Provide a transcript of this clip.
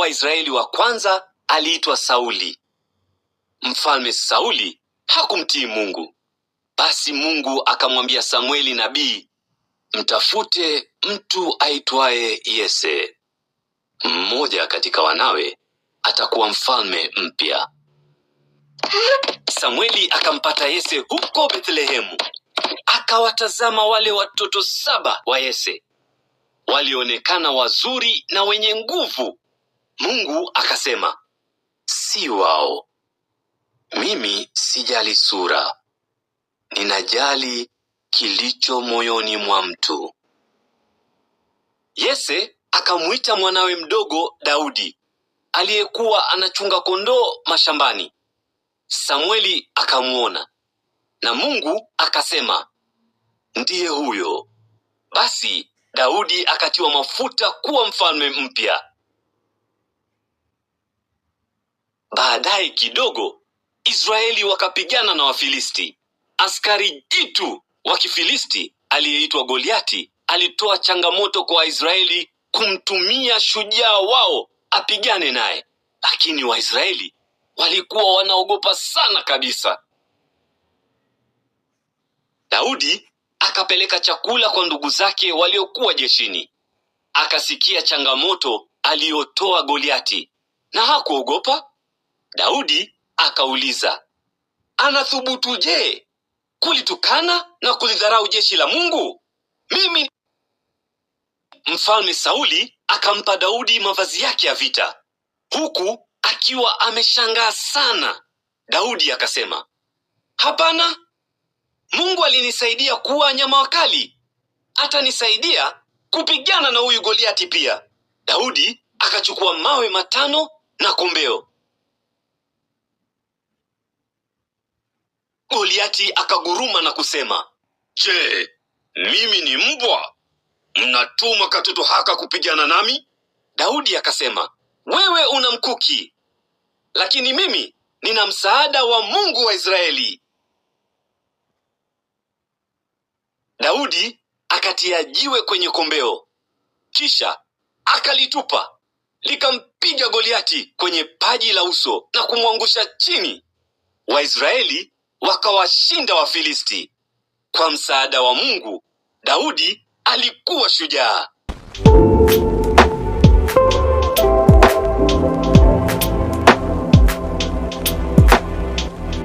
wa Israeli wa kwanza aliitwa Sauli. Mfalme Sauli hakumtii Mungu. Basi Mungu akamwambia Samueli nabii, mtafute mtu aitwaye Yese, mmoja katika wanawe atakuwa mfalme mpya. Samueli akampata Yese huko Bethlehemu, akawatazama wale watoto saba wa Yese walionekana wazuri na wenye nguvu mungu akasema si wao mimi sijali sura ninajali kilicho moyoni mwa mtu yese akamwita mwanawe mdogo daudi aliyekuwa anachunga kondoo mashambani samueli akamwona na mungu akasema ndiye huyo basi daudi akatiwa mafuta kuwa mfalme mpya baadaye kidogo israeli wakapigana na wafilisti askari jitu wa kifilisti aliyeitwa goliati alitoa changamoto kwa waisraeli kumtumia shujaa wao apigane naye lakini waisraeli walikuwa wanaogopa sana kabisa daudi akapeleka chakula kwa ndugu zake waliokuwa jeshini akasikia changamoto aliyotoa goliati na hakuogopa Daudi akauliza, je kulitukana na kulidharau jeshi la Mungu? Mimi Mfalme Sauli akampa Daudi mavazi yake ya vita, huku akiwa ameshangaa sana. Daudi akasema, hapana, Mungu alinisaidia kuwa nyama wakali, atanisaidia kupigana na huyu Goliati pia. Daudi akachukua mawe matano na kombeo goliati akaguruma na kusema je mimi ni mbwa mnatuma katoto haka kupigana nami daudi akasema wewe una mkuki lakini mimi nina msaada wa mungu wa israeli daudi akatia jiwe kwenye kombeo kisha akalitupa likampiga goliati kwenye paji la uso na kumwangusha chini waisraeli wakawashinda wafilisti kwa msaada wa mungu daudi alikuwa shujaa